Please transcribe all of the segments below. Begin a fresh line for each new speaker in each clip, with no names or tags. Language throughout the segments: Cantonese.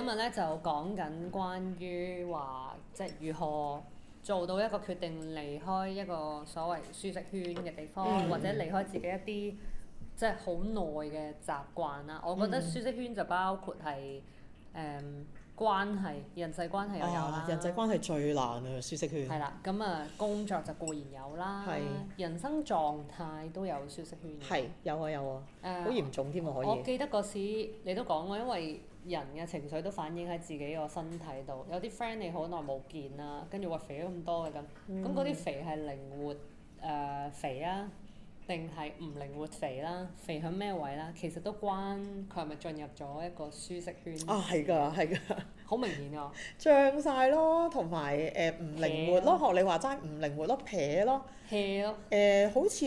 今日咧就講緊關於話，即係如何做到一個決定離開一個所謂舒適圈嘅地方，嗯、或者離開自己一啲即係好耐嘅習慣啦。嗯、我覺得舒適圈就包括係誒、嗯、關係、人際關係都有啦啊。哦，人
際關係最難啊！舒適圈。係啦，
咁啊，工作就固然有啦，是人生狀態都有舒適圈。係有啊有啊，好、啊啊嗯、嚴
重添喎！可以。我記得
嗰時你都講過，因為。人嘅情緒都反映喺自己個身體度，有啲 friend 你好耐冇見啦，跟住喂肥咗咁多嘅咁，咁嗰啲肥係靈活誒、呃、肥啊，定係唔靈活肥啦、啊？肥響咩位啦？其實都關佢係咪進入咗一個舒適圈啊？係㗎、哦，係㗎，好明顯啊。
脹晒 咯，同埋誒唔靈活咯，學你話齋唔靈活咯，撇咯 hea 咯，誒的、呃、好似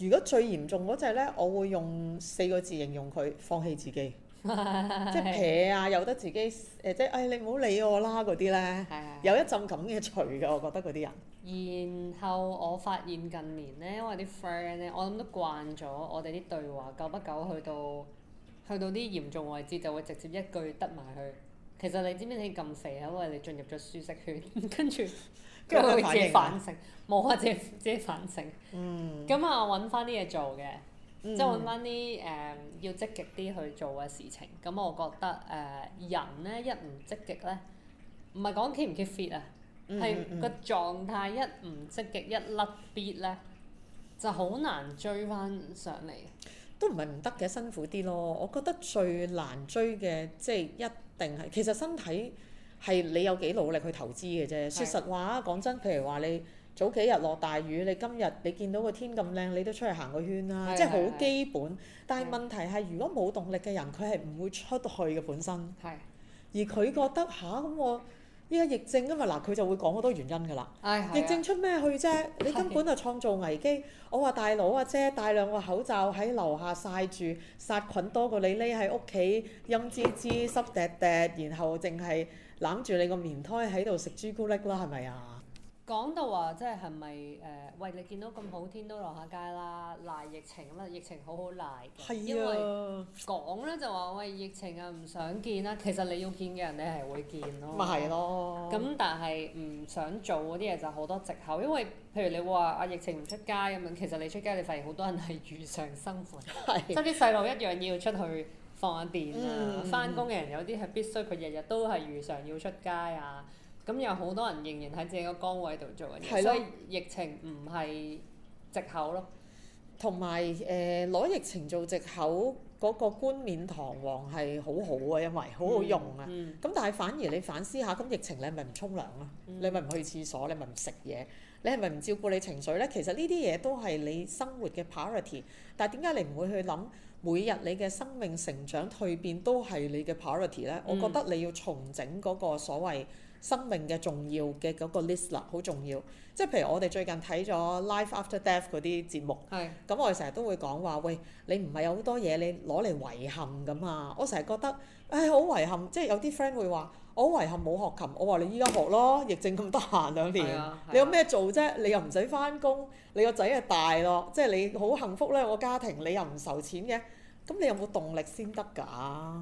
如果最嚴重嗰陣咧，我會用四個字形容佢，放棄自己。
即係撇
啊，有得自己誒，即係誒你唔好理我啦嗰啲咧，呢 有一陣咁嘅除嘅，我覺得嗰啲人。
然後我發現近年咧，因為啲 friend 咧，我諗都慣咗我哋啲對話，久不久去到去到啲嚴重位置，就會直接一句得埋去。其實你知唔知你咁肥啊，因為你進入咗舒適圈， 跟住跟住佢會自己反省，冇啊自己反省。嗯。咁啊，揾翻啲嘢做嘅。即係換翻啲誒要積極啲去做嘅事情，咁我覺得誒、呃、人咧一唔積極咧，唔係講 keep 唔 keep fit 啊，係、嗯嗯嗯、個狀態一唔積極一甩 fit 咧，就好難追翻上嚟。
都唔係唔得嘅，辛苦啲咯。我覺得最難追嘅即係一定係其實身體係你有幾努力去投資嘅啫。説的實話啊，講真，譬如話你。早幾日落大雨，你今日你見到個天咁靚，你都出去行個圈啦、啊，的即係好基本。的但係問題係，的如果冇動力嘅人，佢係唔會出去嘅本身。係的。而佢覺得嚇咁的、啊、我依家疫症啊嘛，嗱佢就會講好多原因㗎啦。係的。疫症出咩去啫？你根本就創造危機。的我話大佬啊姐，戴兩個口罩喺樓下晒住，殺菌多過你匿喺屋企，陰滋滋濕滴滴，然後淨係攬住你個棉胎喺度食朱古力啦，係咪啊？
講到話，即係係咪誒？喂，你見到咁好天都落下街啦，賴疫情咁啊？疫情好好賴嘅，因為講咧是、啊、就話喂，疫情啊唔想見啦。其實你要見嘅人，你係會見咯。咪係咯是、嗯。咁但係唔想做嗰啲嘢就好多藉口，因為譬如你話啊疫情唔出街咁樣，其實你出街，你發現好多人係如常生活，即係啲細路一樣要出去放下電啊，翻工嘅人有啲係必須，佢日日都係如常要出街啊。咁有好多人仍然喺自己個崗位度做緊嘢，的所以疫情唔係藉口咯。
同埋誒攞疫情做藉口嗰、那個冠冕堂皇係好好啊，因為好好用啊。咁、嗯嗯、但係反而你反思下，咁疫情你咪唔沖涼啊？嗯、你咪唔去廁所？你咪唔食嘢？你係咪唔照顧你情緒咧？其實呢啲嘢都係你生活嘅 priority。但係點解你唔會去諗每日你嘅生命成長蛻變都係你嘅 priority 咧？嗯、我覺得你要重整嗰個所謂生命嘅重要嘅嗰個 list 啦，好重要。即係譬如我哋最近睇咗 Life After Death 嗰啲節目，咁是我哋成日都會講話，喂，你唔係有好多嘢你攞嚟遺憾㗎嘛？我成日覺得，唉，好遺憾。即係有啲 friend 會話，我好遺憾冇學琴，我話你依家學咯，疫症咁得閒兩年，啊啊、你有咩做啫？你又唔使返工，你個仔又大咯，即係你好幸福咧。我家庭你又唔愁錢嘅，咁你有冇動力先
得㗎？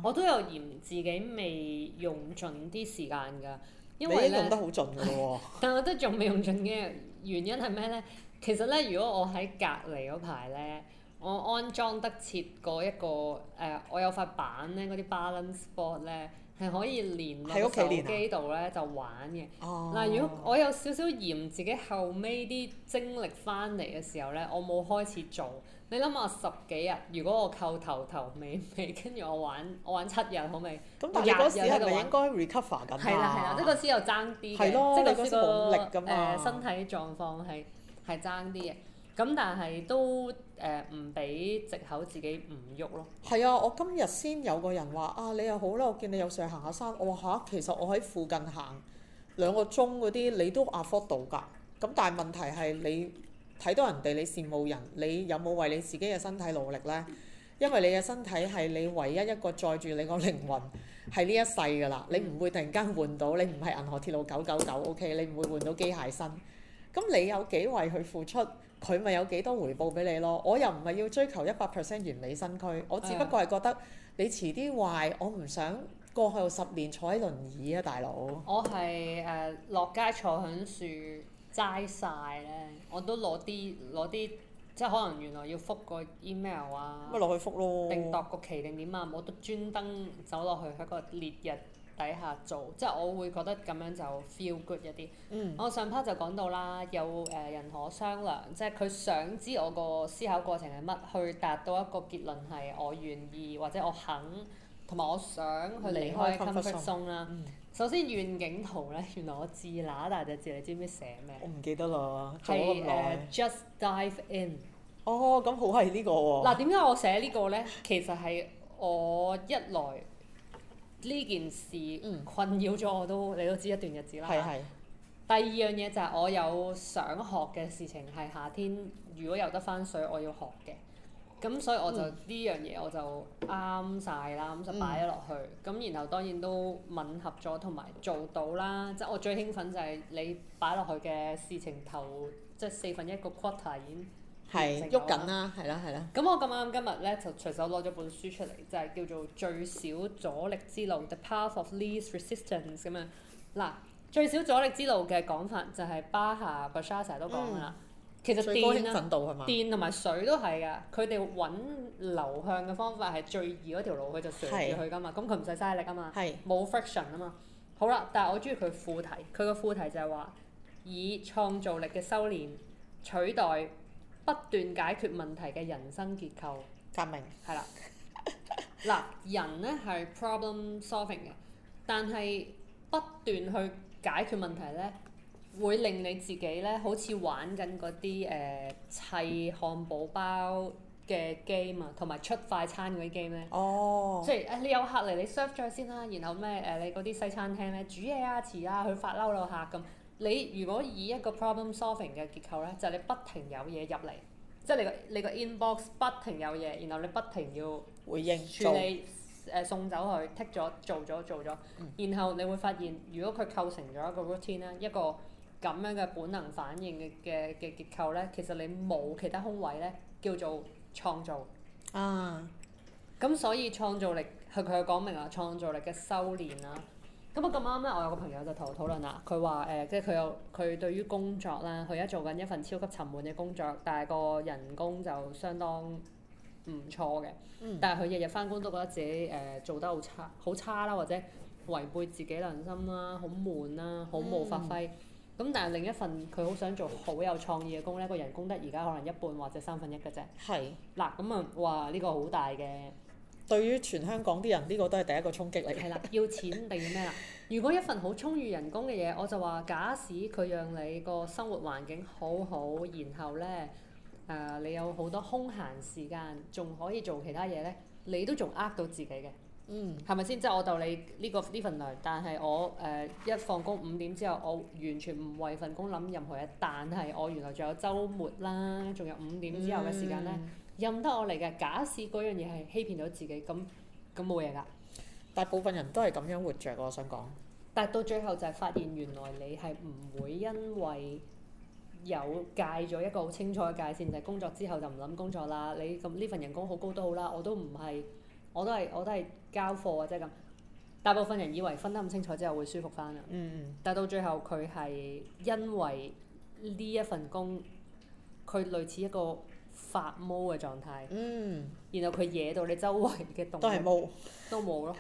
我都有嫌自己未用盡啲時間㗎。因為你已經用得好盡
嘅喎，
但我都仲未用盡嘅原因係咩咧？其實咧，如果我喺隔離嗰排咧，我安裝得切過一個誒、呃，我有塊板咧，嗰啲 Balance Board 咧係可以連落手機度咧就玩嘅。嗱、啊，如果我有少少嫌自己後尾啲精力翻嚟嘅時候咧，我冇開始做。你諗下十幾日，如果我扣頭頭尾尾，跟住我玩我玩七日好未？咁但係嗰時係應
該 recover 緊嘛？係啦係啦，即係嗰
時又爭啲嘅，即係嗰個誒身體狀況係係爭啲嘅。咁但係都誒唔俾藉口自己唔喐咯。係啊，我今
日先有個人話啊，你又好啦，我見你有時行下山，我話吓、啊，其實我喺附近行兩個鐘嗰啲，你都 afford 到㗎。咁但係問題係你。睇到人哋你羨慕人，你有冇為你自己嘅身體努力呢？因為你嘅身體係你唯一一個載住你個靈魂喺呢一世㗎啦，你唔會突然間換到，你唔係銀河鐵路九九九，OK，你唔會換到機械身。咁你有幾為佢付出，佢咪有幾多回報俾你咯？我又唔係要追求一百 percent 完美身軀，我只不過係覺得你遲啲壞，我唔想過去十年坐喺輪椅啊，大佬。
我係誒、uh, 落街坐響樹。齋晒咧，我都攞啲攞啲，即係可能原來要覆個 email 啊，咪落去覆咯，定度個期定點啊，我都專登走落去喺個烈日底下做，即係我會覺得咁樣就 feel good 一啲。嗯、我上 part 就講到啦，有誒、呃、人可商量，即係佢想知我個思考過程係乜，去達到一個結論係我願意或者我肯。同埋我想去離開 comfort zone 啦。首先願景圖咧，原來我字乸大隻字，你知唔知寫咩？我唔記得咯，做咗咁耐、uh, just dive in。哦，咁好係呢個喎、哦。嗱、啊，點解我寫個呢個咧？ 其實係我一來呢件事困擾咗我都，嗯、你都知一段日子啦。係係是。第二樣嘢就係我有想學嘅事情，係夏天如果游得翻水，我要學嘅。咁所以我就呢、嗯、樣嘢我就啱晒啦，咁就擺咗落去。咁、嗯、然後當然都吻合咗同埋做到啦。即係我最興奮就係你擺落去嘅事情頭，即係四分一個 quarter 已經
係喐緊啦，係啦係啦。
咁了我咁啱今日咧就隨手攞咗本書出嚟，就係、是、叫做《最少阻力之路》The Path of Least Resistance 咁樣。嗱，《最少阻力之路》嘅講法就係巴夏柏沙都講啦。嗯
其實電啦，電
同埋水都係㗎，佢哋揾流向嘅方法係最易嗰條路，佢就上住去㗎嘛，咁佢唔使嘥力㗎嘛，冇 friction 啊嘛。好啦，但係我中意佢副題，佢個副題就係話以創造力嘅修練取代不斷解決問題嘅人生結構革命，係啦。嗱，人咧係 problem solving 嘅，但係不斷去解決問題咧。會令你自己咧，好似玩緊嗰啲誒砌漢堡包嘅 game 啊，同埋出快餐嗰啲 game 咧。哦。即係誒，你有客嚟，你 serve 咗先啦，然後咩誒、呃？你嗰啲西餐廳咧，煮嘢啊，遲啊，佢發嬲到客咁。你如果以一個 problem solving 嘅結構咧，就係、你不停有嘢入嚟，即、就、係、是、你個你個 inbox 不停有嘢，然後你不停要回應利做誒、呃、送走佢，剔咗做咗做咗，嗯、然後你會發現，如果佢構成咗一個 routine 啦，一個。咁樣嘅本能反應嘅嘅嘅結構咧，其實你冇其他空位咧，叫做創造。啊！咁所以創造力係佢有講明啦，創造力嘅修練啦。咁啊咁啱咧，我有個朋友就同我討論啦，佢話誒，即係佢有佢對於工作啦，佢而家做緊一份超級沉悶嘅工作，但係個人工就相當唔錯嘅。嗯、但係佢日日翻工都覺得自己誒、呃、做得好差好差啦，或者違背自己良心啦，好悶啦，好冇發揮。嗯咁但係另一份佢好想做好有創意嘅工，呢個人工得而家可能一半或者三分一嘅啫。係。嗱咁啊，哇！呢個好大嘅。對於全香港啲人，呢、呢個都係第一個衝擊嚟嘅。係啦，要錢定要咩啦？ 如果一份好充裕人工嘅嘢，我就話：假使佢讓你個生活環境好好，然後呢，誒、呃、你有好多空閒時間，仲可以做其他嘢呢，你都仲呃到自己嘅。嗯是是，係咪先？即係我就你呢個呢份糧，但係我誒、呃、一放工五點之後，我完全唔為份工諗任何嘢。但係我原來仲有週末啦，仲有五點之後嘅時間咧，嗯、任得我嚟嘅。假使嗰樣嘢係欺騙咗自己，咁咁冇嘢㗎。
大部分人都係咁樣活着。我想講。
但係到最後就係發現，原來你係唔會因為有界咗一個好清楚嘅界線，就係、是、工作之後就唔諗工作啦。你咁呢份人工好高都好啦，我都唔係，我都係，我都係。交貨啊，即係咁，大部分人以為分得咁清楚之後會舒服翻啦。嗯。但到最後佢係因為呢一份工，佢類似一個發毛嘅狀態。嗯。然後佢惹到你周圍嘅動物。都係毛，都冇咯。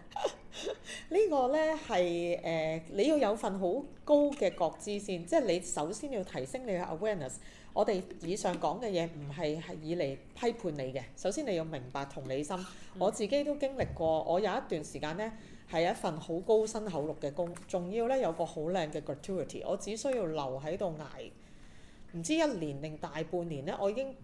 呢 個呢，係誒、呃、你要有份好
高嘅覺知先，即係你首先要提升你嘅 awareness。我哋以上講嘅嘢唔係係以嚟批判你嘅，首先你要明白同理心。嗯、我自己都經歷過，我有一段時間呢，係一份好高薪厚祿嘅工，仲要呢，有個好靚嘅 gratuity。我只需要留喺度捱，唔知一年定大半年呢，我已經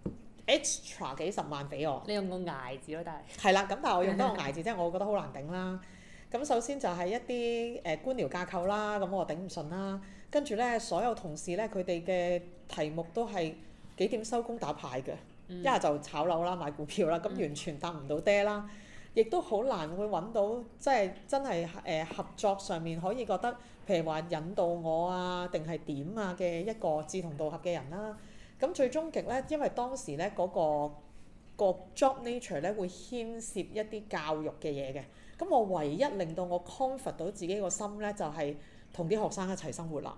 extra 幾十萬俾我。你用個捱字咯，但係係啦，咁但係我用多個捱字，即係我覺得好難頂啦。 咁首先就係一啲誒官僚架構啦，咁我頂唔順啦。跟住咧，所有同事咧佢哋嘅題目都係幾點收工打牌嘅，嗯、一係就炒樓啦、買股票啦，咁完全搭唔到爹啦，亦、嗯、都好難會揾到即係真係誒、呃、合作上面可以覺得，譬如話引導我啊，定係點啊嘅一個志同道合嘅人啦。咁最終極咧，因為當時咧嗰、嗰個個 job nature 咧會牽涉一啲教育嘅嘢嘅，咁我唯一令到我 comfort 到自己個心咧，就係同啲學生一齊生活啦。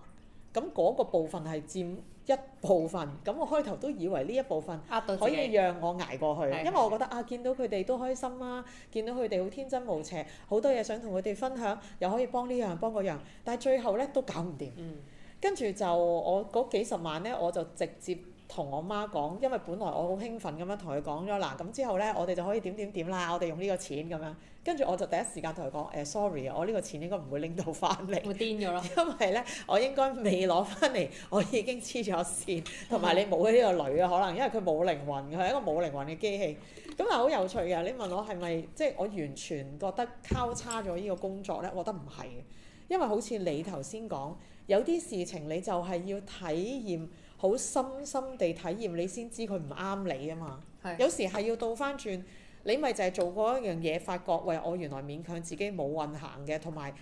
咁嗰個部分係佔一部分，咁我開頭都以為呢一部分可以讓我捱過去，因為我覺得是是啊，見到佢哋都開心啦、啊，見到佢哋好天真無邪，好多嘢想同佢哋分享，又可以幫呢樣幫個樣，但係最後咧都搞唔掂，嗯、跟住就我嗰幾十萬咧，我就直接。同我媽講，因為本來我好興奮咁樣同佢講咗嗱，咁之後呢，我哋就可以點點點啦，我哋用呢個錢咁樣。跟住我就第一時間同佢講：誒，欸，sorry 啊，我呢個錢應該唔會拎到翻嚟。會癲咗咯。因為呢，我應該未攞翻嚟，我已經黐咗線，同埋你冇咗呢個女啊，可能因為佢冇靈魂，佢係一個冇靈魂嘅機器。咁但係好有趣嘅，你問我係咪即係我完全覺得交叉咗呢個工作呢，我覺得唔係，因為好似你頭先講，有啲事情你就係要體驗。好深深地體驗，你先知佢唔啱你啊嘛。是有時係要倒翻轉，你咪就係做過一樣嘢，發覺喂，我原來勉強自己冇運行嘅，同埋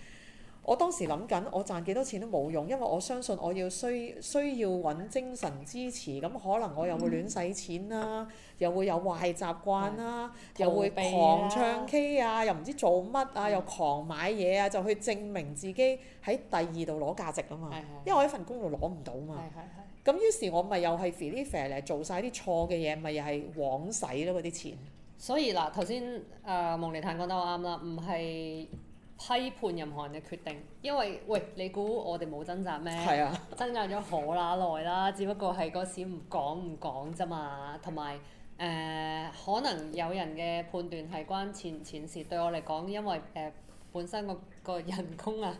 我當時諗緊，我賺幾多錢都冇用，因為我相信我要需要需要揾精神支持。咁可能我又會亂使錢啦、啊，嗯、又會有壞習慣啦、啊，啊、又會狂唱 K 啊，又唔知做乜啊，嗯、又狂買嘢啊，就去證明自己喺第二度攞價值啊嘛。的因為我一份工度攞唔到嘛。的的咁於是，我是 f f ay，我咪又係肥啲肥嚟做晒啲錯
嘅嘢，咪又係枉使咯嗰啲錢。所以嗱，頭先誒蒙妮坦講得好啱啦，唔係批判任何人嘅決定，因為喂，你估我哋冇掙扎咩？係是啊，掙扎咗好乸耐啦，只不過係嗰時唔講唔講咋嘛，同埋誒可能有人嘅判斷係關錢錢事，對我嚟講，因為誒、呃、本身、嗰個個人工啊。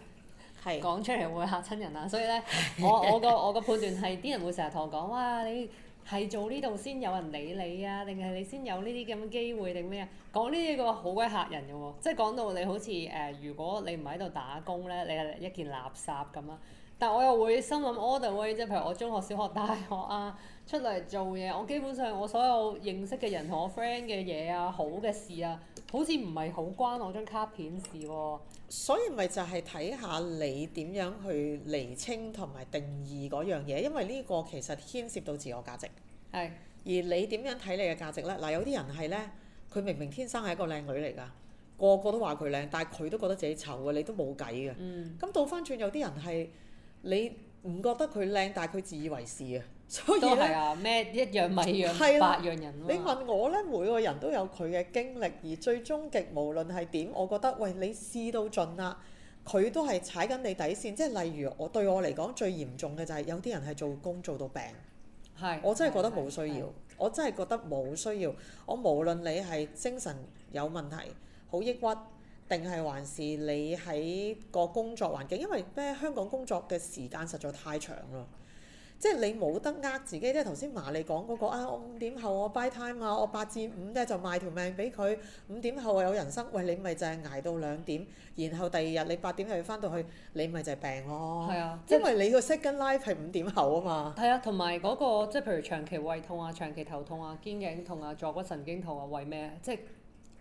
講 出嚟會嚇親人啊！所以咧， 我我個我個判斷係啲人會成日同我講，哇！你係做呢度先有人理你啊，定係你先有呢啲咁嘅機會定咩啊？講呢啲個好鬼嚇人嘅喎，即係講到你好似誒、呃，如果你唔喺度打工咧，你係一件垃圾咁啊！但我又會心諗，anyway，即係譬如我中學、小學、大學啊，出嚟做嘢，我基本上我所有認識嘅人同我 friend 嘅嘢啊，好嘅事啊。好似唔係好關我張卡片事喎，所
以咪就係睇下你點樣去釐清同埋定義嗰樣嘢，因為呢個其實牽涉到自我價值。係是，而你點樣睇你嘅價值呢？嗱、呃，有啲人係呢，佢明明天生係一個靚女嚟㗎，個個都話佢靚，但係佢都覺得自己醜嘅，你都冇計嘅。嗯，咁倒翻轉有啲人係你唔覺得佢靚，但係佢自以為是啊。所以都係啊，
咩一樣米養百樣人、啊啊、你問
我咧，每個人都有佢嘅經歷，而最終極無論係點，我覺得喂，你試到盡啦，佢都係踩緊你底線。即係例如我對我嚟講最嚴重嘅就係有啲人係做工做到病。係是，我真係覺得冇需要，我真係覺得冇需要。我無論你係精神有問題，好抑鬱，定係還是你喺個工作環境，因為咩、呃、香港工作嘅時間實在太長啦。即係你冇得呃自己，即係頭先麻你講嗰個啊，我五點後我 buy time 啊，我八至五咧就賣條命俾佢。五點後有人生，喂你咪就係捱到兩點，然後第二日你八點又要翻到去，你咪就係病咯。係啊，因為你個 second life 係五點後啊嘛。
係啊，同埋嗰個即係譬如長期胃痛啊、長期頭痛啊、肩頸痛啊、坐骨神經痛啊，為咩？即係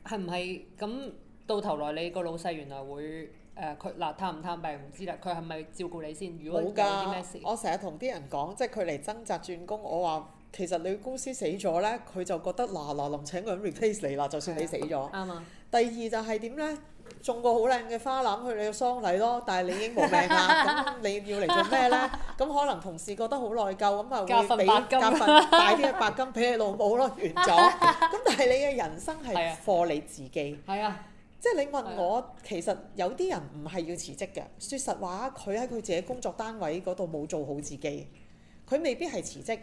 係唔係咁到頭來你個老細原來會？誒佢嗱探唔探病唔知啦，佢係咪照顧你先？如果冇噶，我成日同啲人講，即係佢嚟掙扎轉工，我話其實你公司死
咗咧，佢就覺得嗱嗱臨請佢 replace 你啦，就算你死咗。啱啊。第二就係點咧？種個好靚嘅花籃去你個喪禮咯，但係你已經冇命啦，咁你要嚟做咩咧？咁可能同事覺得好內疚，咁啊會俾夾份大啲嘅白金俾你老母咯，完咗。咁但係你嘅人生係貨你自己。係啊。即係你問我，其實有啲人唔係要辭職嘅。說實話，佢喺佢自己工作單位嗰度冇做好自己，佢未必係辭職，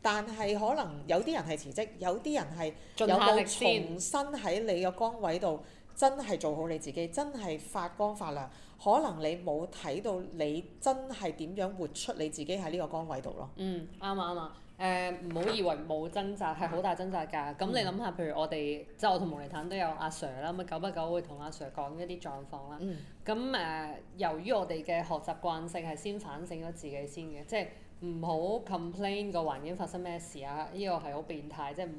但係可能有啲人係辭職，有啲人係有冇重新喺你個崗位度真係做好你自己，真係發光發亮。可能你冇睇到你真係點
樣活出你自己喺呢個崗位度咯。嗯，啱啊，啱。誒唔好以為冇掙扎係好大掙扎㗎，咁你諗下，譬如我哋即係我同毛尼坦都有阿 sir 啦，咁久不久會同阿 sir 講一啲狀況啦。咁誒、嗯呃，由於我哋嘅學習慣性係先反省咗自己先嘅，即係唔好 complain 個環境發生咩事啊，呢、呢個係好變態，即係唔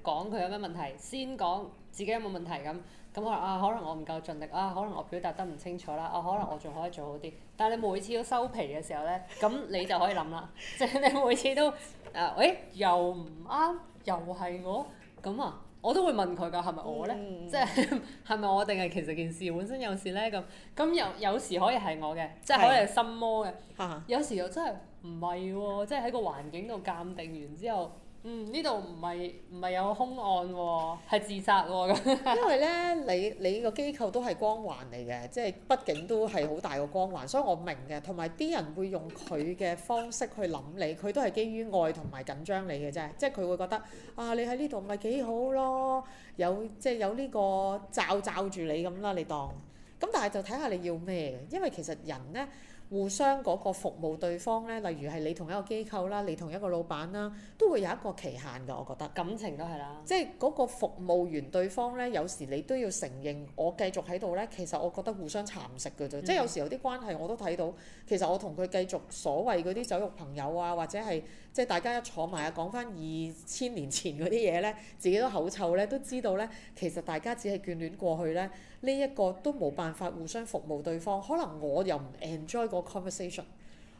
好講佢有咩問題，先講自己有冇問題咁。咁我啊，可能我唔夠盡力，啊，可能我表達得唔清楚啦，啊，可能我仲可以做好啲。但係你每次都收皮嘅時候咧，咁你就可以諗啦，即係 你每次都啊，誒、欸，又唔啱，又係我，咁啊，我都會問佢㗎，係咪我咧？即係係咪我定係其實件事本身有事咧咁？咁有有時可以係我嘅，即係 可能係心魔嘅。 有時又真係唔係喎，即係喺個環境度鑒定完之後。嗯，呢度唔係唔係有兇案喎，係自殺喎。 因為呢，你你個機
構都係光環嚟嘅，即係畢竟都係好大個光環，所以我明嘅。同埋啲人會用佢嘅方式去諗你，佢都係基於愛同埋緊張你嘅啫。即係佢會覺得啊，你喺呢度咪幾好咯，有即係、就是、有呢個罩罩住你咁啦，你當。咁但係就睇下你要咩嘅，因為其實人呢。互相嗰個服務對方咧，例如係你同一個機構啦，你同一個老闆啦，都會有一個期限㗎，我覺得。感情都係啦。即係嗰個服務完對方咧，有時你都要承認，我繼續喺度咧，其實我覺得互相蠶食㗎啫。嗯，即係有時候有啲關係我都睇到，其實我同佢繼續所謂嗰啲酒肉朋友啊，或者係即係大家一坐埋啊，講返二千年前嗰啲嘢咧，自己都口臭咧，都知道咧，其實大家只係眷戀過去咧。呢一個都冇辦法互相服務對方，可能我又唔 enjoy 個 conversation，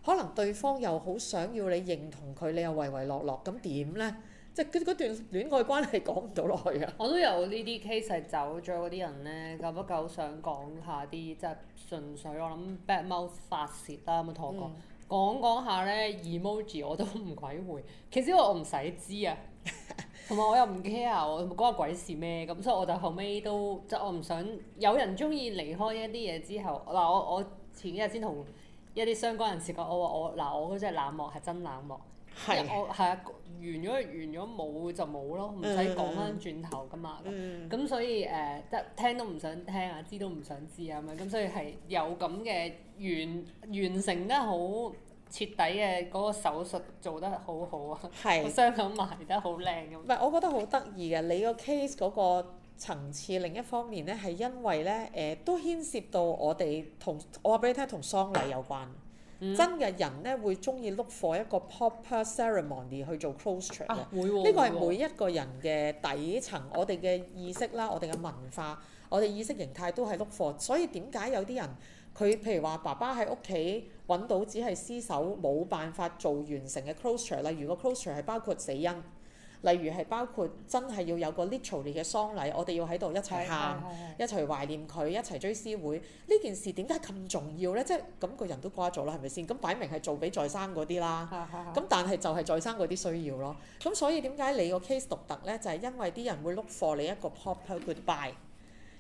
可能對方又好想要你認同佢，你又唯唯諾諾，咁點呢？即係段戀愛關係講唔到落去啊！
我都有呢啲 case 走咗嗰啲人呢，久不久想講下啲即係純粹我諗 bad mouth 發泄啦、啊，咁同我、嗯、講講講下呢 emoji 我都唔鬼回，其實我唔使知啊。 同埋我又唔 care，我關我鬼事咩？咁所以我就後尾都即係、就是、我唔想有人中意離開一啲嘢之後嗱，我我前幾日先同一啲相關人士講，我話我嗱，我嗰隻冷漠係真冷漠，冷漠是我係啊，完咗完咗冇就冇咯，唔使講翻轉頭噶嘛。咁、嗯、所以誒，即、呃、係聽都唔想聽啊，知都唔想知啊咁樣。咁所以係有咁嘅完完成得好。徹底嘅嗰個手術做得好好啊，個傷是口埋得好靚
咁。唔係，我覺得好得意嘅，你個 case 嗰個層次，另一方面咧係因為咧，誒、呃、都牽涉到我哋同，我話俾你聽同喪禮有關。嗯、真嘅人咧會中意 look for 一個 proper ceremony 去做 closure 嘅。啊，會呢個係每一個人嘅底層，哦、我哋嘅意識啦，我哋嘅文化，我哋意識形態都係 look for，所以點解有啲人？佢譬如話爸爸喺屋企揾到只係屍首，冇辦法做完成嘅 closure。例如個 closure 係包括死因，例如係包括真係要有個 literally 嘅喪禮，我哋要喺度一齊喊、一齊懷念佢、一齊追思會。呢件事點解咁重要呢？即係咁個人都瓜咗啦，係咪先？咁擺明係做俾在生嗰啲啦。咁但係就係在生嗰啲需要咯。咁所以點解你個 case 獨特呢？就係、是、因為啲人會 look for 你一個 proper goodbye。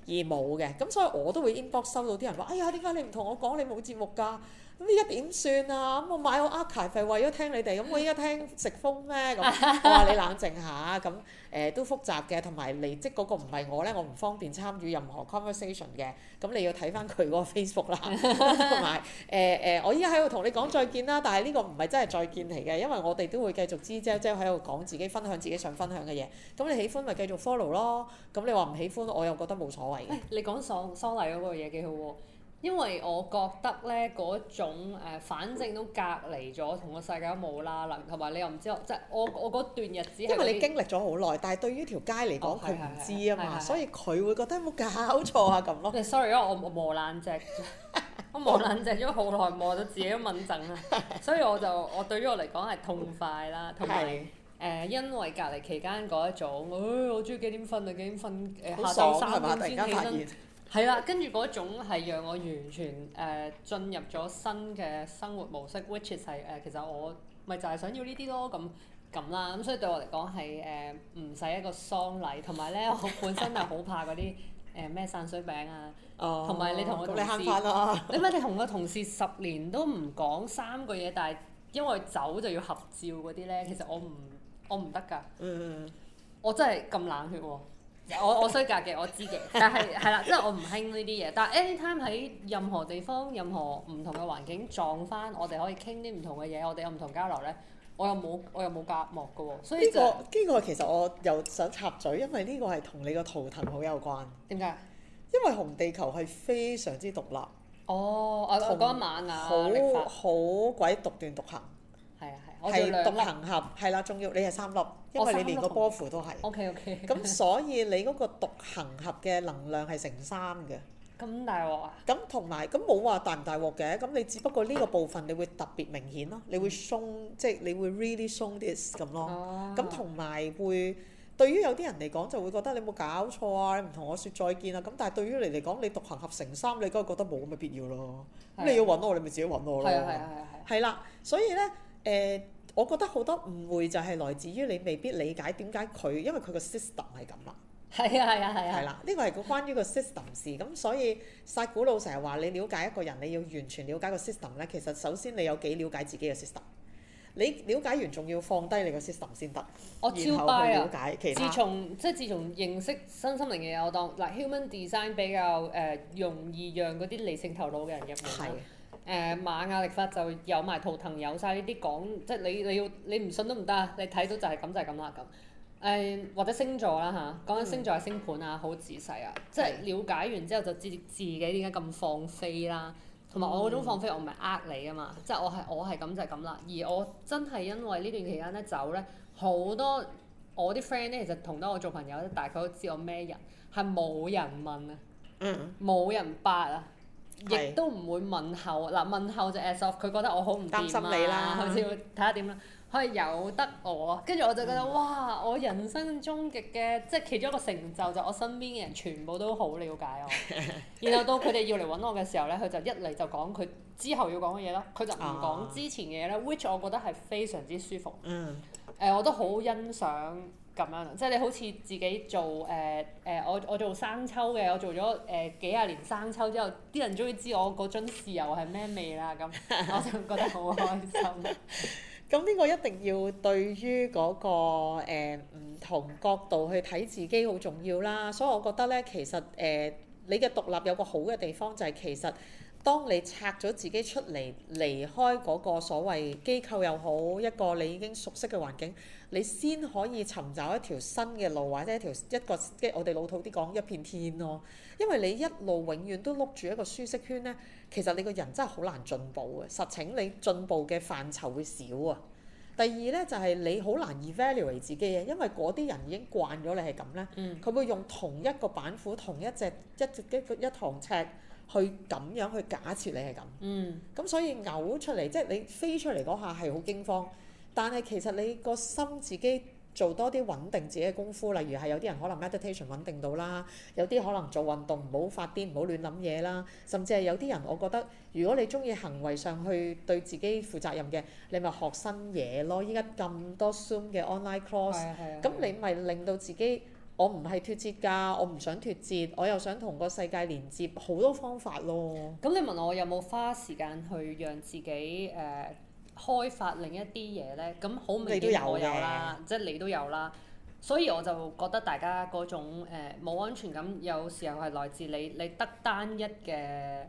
而冇嘅，咁所以我都會 inbox 收到啲人話：「哎呀，點解你唔同我講你冇節目㗎？」咁依家點算啊？咁我買個 account 為咗聽你哋，咁我依家聽食風咩？咁 我話你冷靜下，咁誒、呃、都複雜嘅，同埋離職嗰個唔係我咧，我唔方便參與任何 conversation 嘅。咁你要睇翻佢嗰個 Facebook 啦，同埋誒誒，我依家喺度同你講再見啦，但係呢個唔係真係再見嚟嘅，因為我哋都會繼續知滋滋喺度講自己，分享自己想分享
嘅嘢。咁你喜歡咪繼續 follow 咯，咁你話唔喜歡我又覺得冇所謂、欸、你講喪喪禮嗰個嘢幾好喎！因為我覺得呢嗰種反正都隔離咗，同個世界都冇啦啦，同埋你又唔知道，即係我我嗰段日子因為你經
歷咗好耐，但係對於條街嚟講佢唔知啊嘛，所以佢會覺得有冇搞錯啊咁咯。
Sorry，因為我我磨爛隻，我磨爛隻咗好耐，磨到自己都敏症啦，所以我就我對於我嚟講係痛快啦，同埋誒因為隔離期間嗰一種，我中意幾點瞓就幾點瞓，誒下晝三點先起身。係啦，跟住嗰種係讓我完全誒、呃、進入咗新嘅生活模式，which is 係、呃、誒其實我咪就係想要呢啲咯咁咁啦，咁所以對我嚟講係誒唔使一個喪禮，同埋咧我本身係好怕嗰啲誒咩散水餅啊，同埋、oh, 你同我同事，你咪你同個同事十年都唔講三句嘢，但係因為走就要合照嗰啲咧，其實我唔我唔得㗎，我、mm hmm. 我真係咁冷血喎、啊。 我我衰格嘅，我知嘅，但係係啦，即係我唔興呢啲嘢。但係 anytime 喺任何地方、任何唔同嘅環境撞返，我哋可以傾啲唔同嘅嘢，我哋有唔同交流咧。我又冇我又冇隔膜㗎喎，所以
就呢個呢個其實我又想插嘴，因為呢個係同你個圖騰好有關。點解？因為紅地球係非常之獨立。
哦，和我圖嗰晚呀，
好鬼很發獨斷獨行。
係獨行
俠，係啦，仲要你係三粒，因為你連個波符都係。O K O K。
咁、okay, okay.
所以你嗰個獨行俠嘅能量係成三嘅。
咁大鑊
啊！咁同埋咁冇話大唔大鑊嘅，咁你只不過呢個部分你會特別明顯咯，你會鬆、嗯，即係你會 really 鬆啲咁咯。咁同埋會對於有啲人嚟講就會覺得你有冇搞錯啊？你唔同我説再見啊！咁但係對於你嚟講，你獨行俠成三，你應該覺得冇咁嘅必要咯。咁的你要揾我，你咪自己揾我咯。係係係係。係啦，所以咧。誒，uh, 我覺得好多誤會就係來自於你未必理解點解佢，因為佢個 system 係咁啦。係 啊，係啊，係啊。係啦、啊，呢、呢個係個關於個 system 事，咁所以薩古魯成日話你了解一個人，你要完全了解個 system 咧。其實首先你有幾了解自己嘅 system？你了解完仲要放低你個 system 先得。我超拜啊！自從
即係自從認識身心靈嘅嘢，我當嗱 human design 比較誒、呃、容易讓嗰啲理性頭腦嘅人入門咯。誒瑪雅歷法就有埋圖騰，有晒呢啲講，即係你你要你唔信都唔得啊！你睇到就係咁就係咁啦咁。誒、呃、或者星座啦嚇、啊，講緊星座係星盤啊，好、嗯、仔細啊，嗯、即係了解完之後就知自己點解咁放飛啦、啊。同埋我嗰種放飛我、嗯我，我唔係呃你啊嘛，即係我係我係咁就係咁啦。而我真係因為呢段期間咧走咧，好多我啲 friend 咧其實同得我做朋友咧，大概都知我咩人，係冇人問啊，冇、嗯、人八啊。亦都唔會問候嗱，問候就 as of 佢覺得我好唔掂，擔心你啦，好似睇下點啦，佢係、嗯、由得我。跟住我就覺得、嗯、哇，我人生終極嘅即係其中一個成就就我身邊嘅人全部都好了解我。 然後到佢哋要嚟揾我嘅時候呢，佢就一嚟就講佢之後要講嘅嘢咯，佢就唔講之前嘅嘢咧，which 我覺得係非常之舒服。嗯呃、我都好欣賞。咁樣，即係你好似自己做誒誒、呃呃，我我做生抽嘅，我做咗誒、呃、幾廿年生抽之後，啲人終於知我嗰樽豉油係咩味啦，咁我就覺得好開心。
咁呢個一定要對於嗰個呃唔同角度去睇自己好重要啦，所以我覺得咧，其實誒、呃、你嘅獨立有個好嘅地方就係其實。當你拆咗自己出嚟，離開嗰個所謂機構又好，一個你已經熟悉嘅環境，你先可以尋找一條新嘅路，或者一條一個即我哋老土啲講一片天咯、啊。因為你一路永遠都碌住一個舒適圈呢，其實你個人真係好難進步啊。實情你進步嘅範疇會少啊。第二呢，就係、是、你好難 evaluate 自己啊，因為嗰啲人已經慣咗你係咁呢，佢、嗯、會用同一個板斧、同一隻一隻一一,一堂尺。去咁樣去假設你係咁，咁、嗯、所以嘔出嚟，嗯、即係你飛出嚟嗰下係好驚慌。但係其實你個心自己做多啲穩定自己嘅功夫，例如係有啲人可能 meditation 穩定到啦，有啲可能做運動唔好發癲，唔好亂諗嘢啦。甚至係有啲人，我覺得如果你中意行為上去對自己負責任嘅，你咪學新嘢咯。依家咁多 Zoom 嘅 online class，咁你咪
令到自己。我唔係脫節㗎，我唔想脫節，我又想同個世界連接，好多方法咯。咁你問我有冇花時間去讓自己誒、呃、開發另一啲嘢呢？咁好明顯我有啦，即係你都有啦。所以我就覺得大家嗰種冇、呃、安全感，有時候係來自你你得單一嘅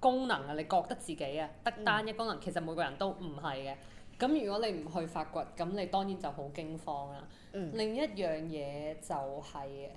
功能啊，你覺得自己啊得單一功能，嗯、其實每個人都唔係嘅。咁如果你唔去發掘，咁你當然就好驚慌啦。嗯、另一樣嘢就係誒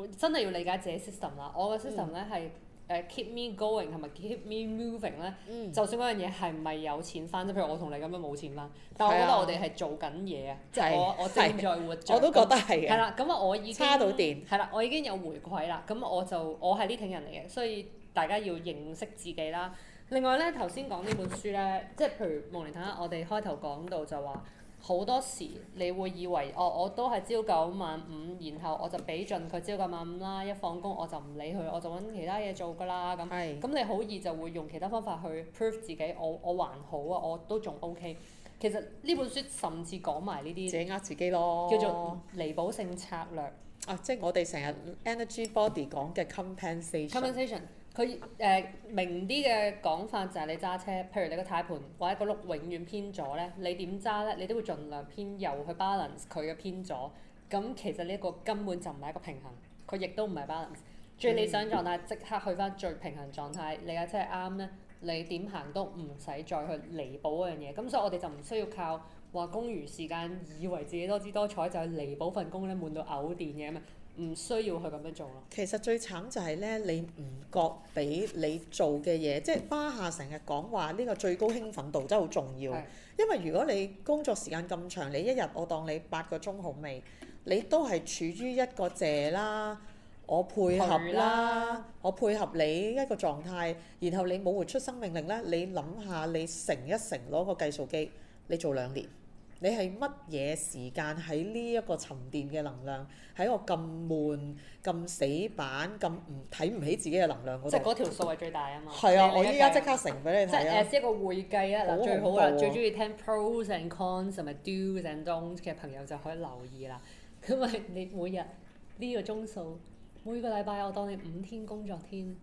會真係要理解自己 system 啦。我嘅 system 咧係誒 keep me going 同埋 keep me moving 咧，嗯、就算嗰樣嘢係唔係有錢翻，即譬如我同你咁樣冇錢翻，嗯、但我覺得我哋係做緊嘢啊，即係我、啊、我正在活、啊、那我都覺得係嘅、啊。係啦，咁啊，我已經差到電。係啦，我已經有回饋啦，咁我就我係呢種人嚟嘅，所以大家要認識自己啦。另外咧，頭先講呢本書咧，即係譬如望你睇下，我哋開頭講到就話，好多時你會以為，哦，我都係朝九晚五，然後我就俾盡佢朝九晚五啦，一放工我就唔理佢，我就揾其他嘢做㗎啦，咁，咁是你好易就會用其他方法去 prove 自己，我我還好啊，我都仲 OK。其實呢本書甚至講埋呢啲，自己呃自己咯，叫做彌補性策略啊，即係我哋成日 energy body 講嘅 compensation。Comp 佢誒、呃、明啲嘅講法就係你揸車，譬如你個軚盤或者個轆永遠偏左咧，你點揸咧？你都會盡量偏右去 balance 佢嘅偏左。咁其實呢一個根本就唔係一個平衡，佢亦都唔係 balance。最理想狀態即刻去返最平衡狀態，你架車啱咧，你點行都唔使再去彌補嗰樣嘢。咁所以我哋就唔需要靠話公餘時間以為自己多姿多彩就去彌補份工咧悶到嘔電嘅嘛。唔需要去咁樣做咯。其實最慘就係咧，你
唔覺俾你做嘅嘢，即係巴夏成日講話呢個最高興奮度真係好重要。是的 因為如果你工作時間咁長，你一日我當你八個鐘好未，你都係處於一個謝啦，我配合啦，去啦我配合你一個狀態，然後你冇活出生命力呢，你諗下你乘一乘攞個計數機，你做兩年。你係乜嘢時間喺呢一個沉澱嘅能量？喺一個咁悶、咁死板、咁唔睇唔起自己嘅能量，即係嗰條數係最
大啊嘛！係啊！我依家即刻
成俾你睇，即係誒，一
個會計啊，嗱，最好啊，最中意聽 pros and cons 同埋 do's and don't 嘅朋友就可以留意啦。因為、嗯、你每日呢、呢個鐘數，每個禮拜我當你五天工作天，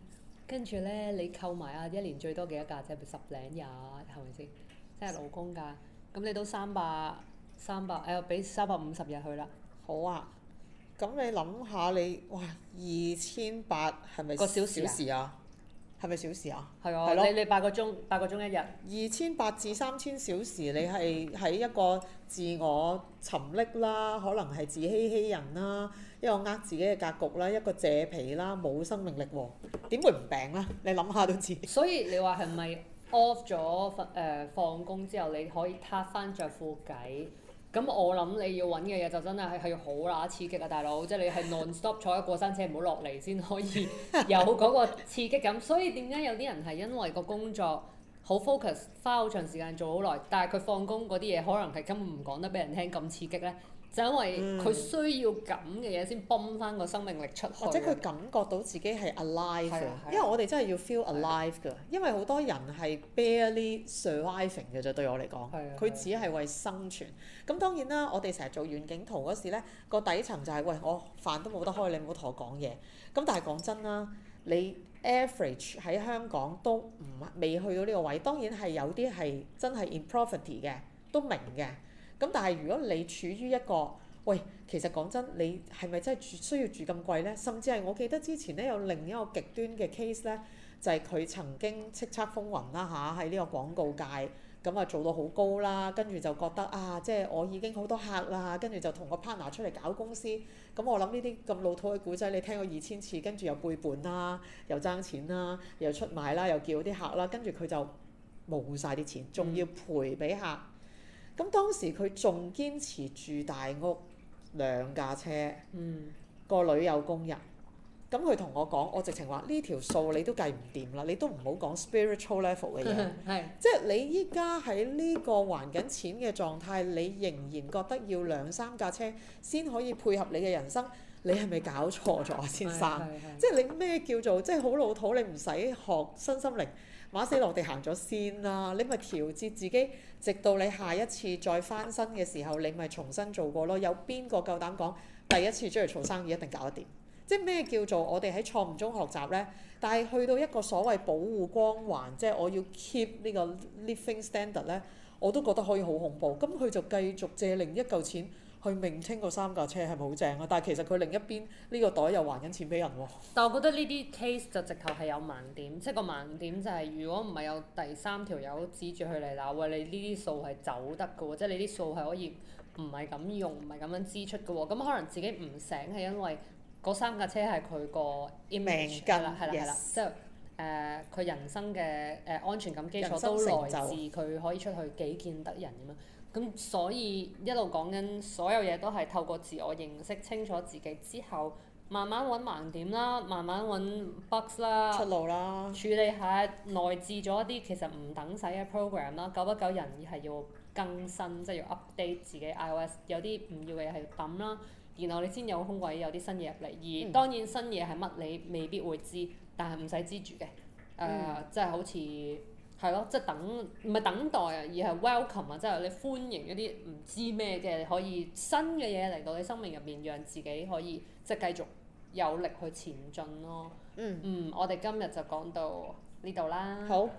跟住咧你購埋啊一年最多幾多架啫？十零日係咪先？即係勞工㗎！咁你都三百三百誒，俾三百五十日去啦。好啊。
咁你諗下你，哇！二千八係咪個小時啊？係咪小時啊？係啊。係咯。你你八個鐘八個鐘一日。二千八至三千小時，你係喺一個自我沉溺啦，可能係自欺欺人啦，一個呃自己嘅格局啦，一個借皮啦，冇生命力喎。
點會唔病咧？你諗下都知。所以你話係咪？off 咗瞓誒，放工之後你可以踏翻着褲計，咁我諗你要揾嘅嘢就真係係要好乸刺激啊，大佬！即係 你係 non stop 坐緊過山車唔好落嚟，先可以有嗰個刺激感。 所以點解有啲人係因為個工作好 focus，花好長時間做好耐，但係佢放工嗰啲嘢可能係根本唔講得俾人聽咁刺激咧？就因為佢需要咁嘅嘢先泵翻個生命力出去、嗯，或者佢感覺到自己係 alive。啊啊、因為
我哋真係要 feel alive 㗎。啊啊、因為好多人係 barely surviving 嘅啫，對我嚟講，佢、啊啊、只係為生存。咁、啊啊、當然啦，我哋成日做遠景圖嗰時咧，個底層就係、是、喂我飯都冇得開，你唔好同我講嘢。咁但係講真啦，你 average 喺香港都唔未去到呢個位。當然係有啲係真係 in poverty 嘅，都明嘅。咁但係如果你處於一個，喂，其實講真，你係咪真係住需要住咁貴呢？甚至係我記得之前咧有另一個極端嘅 case 咧，就係、是、佢曾經叱咤風雲啦、啊、吓，喺呢個廣告界，咁、嗯、啊做到好高啦，跟住就覺得啊，即係我已經好多客啦，跟住就同個 partner 出嚟搞公司，咁我諗呢啲咁老土嘅古仔，你聽過二千次，跟住又背叛啦，又爭錢啦，又出賣啦，又叫啲客啦，跟住佢就冇晒啲錢，仲要賠俾客。咁當時佢仲堅持住大屋兩架車，
嗯、
個女有工人。咁佢同我講：我直情話呢條數你都計唔掂啦，你都唔好講 spiritual level 嘅嘢。係、嗯，即係你依家喺呢個還緊錢嘅狀態，你仍然覺得要兩三架車先可以配合你嘅人生，你係咪搞錯咗啊，嗯、先生？即係你咩叫做即係好老土？你唔使學身心靈。馬死落地行咗先啦、啊，你咪調節自己，直到你下一次再翻身嘅時候，你咪重新做過咯。有邊個夠膽講第一次出嚟做生意一定搞得掂？即係咩叫做我哋喺錯誤中學習呢？但係去到一個所謂保護光環，即係我要 keep 呢個 living standard 呢，我都覺得可以好恐怖。咁佢就繼續借另一嚿錢。去明清嗰三架車係咪好正啊？但係其實佢另一邊呢個袋又還緊錢俾人喎、
啊。但係我覺得呢啲 case 就直頭係有盲點，即係個盲點就係如果唔係有第三條友指住佢嚟鬧，喂，你呢啲數係走得㗎喎，即係你啲數係可以唔係咁用，唔係咁樣支出㗎喎。咁可能自己唔醒係因為嗰三架車係佢個 image 係啦，係啦，即係誒佢人生嘅誒安全感基礎都來自佢可以出去幾見得人咁樣。咁所以一路講緊，所有嘢都係透過自我認識清楚自己之後，慢慢揾盲點啦，慢慢揾 bugs 啦，出路啦，處理下內置咗一啲其實唔等使嘅 program 啦。久不久人係要更新，即係要 update 自己 iOS，有啲唔要嘅嘢係要抌啦。然後你先有空位，有啲新嘢入嚟。而當然新嘢係乜，你未必會知，但係唔使知住嘅。
誒，呃，
即係，嗯，好似～係咯，即係、就是、等唔係等待啊，而係 welcome 啊，即係你歡迎一啲唔知咩嘅，可以新嘅嘢嚟到你生命入面，讓自己可以即係、就是、繼續有力去前進咯。嗯，嗯，我哋今日就講到呢度啦。好。